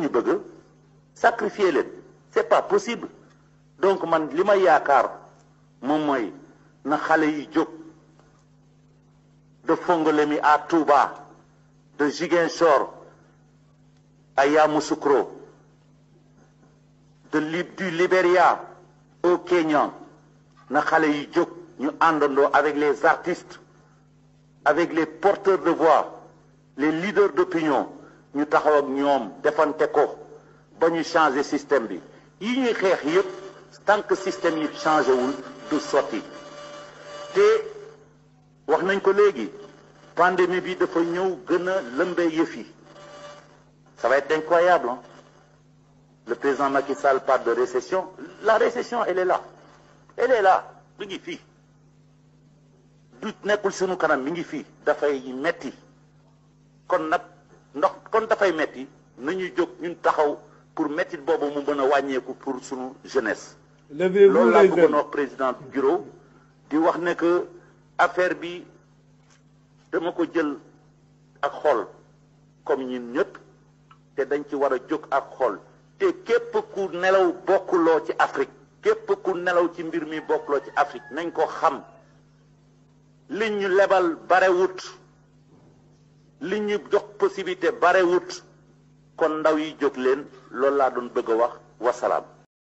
ñu bëgg sacrifier leen c'est pas possible donc man li ma yaakaar moom mooy na xale yi jóg de Fongolemi à Touba de Ziguinchor à Yamoussoukro de lib du Libéria au Kenya na xale yi jóg ñu àndandoo avec les artistes avec les porteurs de voix les leaders d'opinion ñu taxaw ak ñoom defante ko ba ñu changer système bi yi ñuy xeex yépp tant que système yi changé wul du sotti te wax nañ ko léegi pandémie bi dafa ñëw gën a lëmbee yëf yi ça va être incroyable hein? le président Macky Sall parle de récession la récession elle est là elle est là mi ngi fii du nekkul sunu kanam mi ngi fii dafay metti kon nag ndox kon dafay metti nañuy jóg ñun taxaw pour mettit boobu mu mën a wàññeeku pour sunu jeunesse. loolu laa bëggoon wax président Giro di wax ne que affaire bi dama ko jël ak xol comme ñun ñëpp te dañ ci war a jóg ak xol te képp ku nelaw bokkuloo ci Afrique képp ku nelaw ci mbir mi bokkuloo ci Afrique nañ ko xam liñ ñu lebal barewut li ñu jox possibilité barewut kon ndaw yi jóg leen loolu laa doon bëgg a wax wasalaam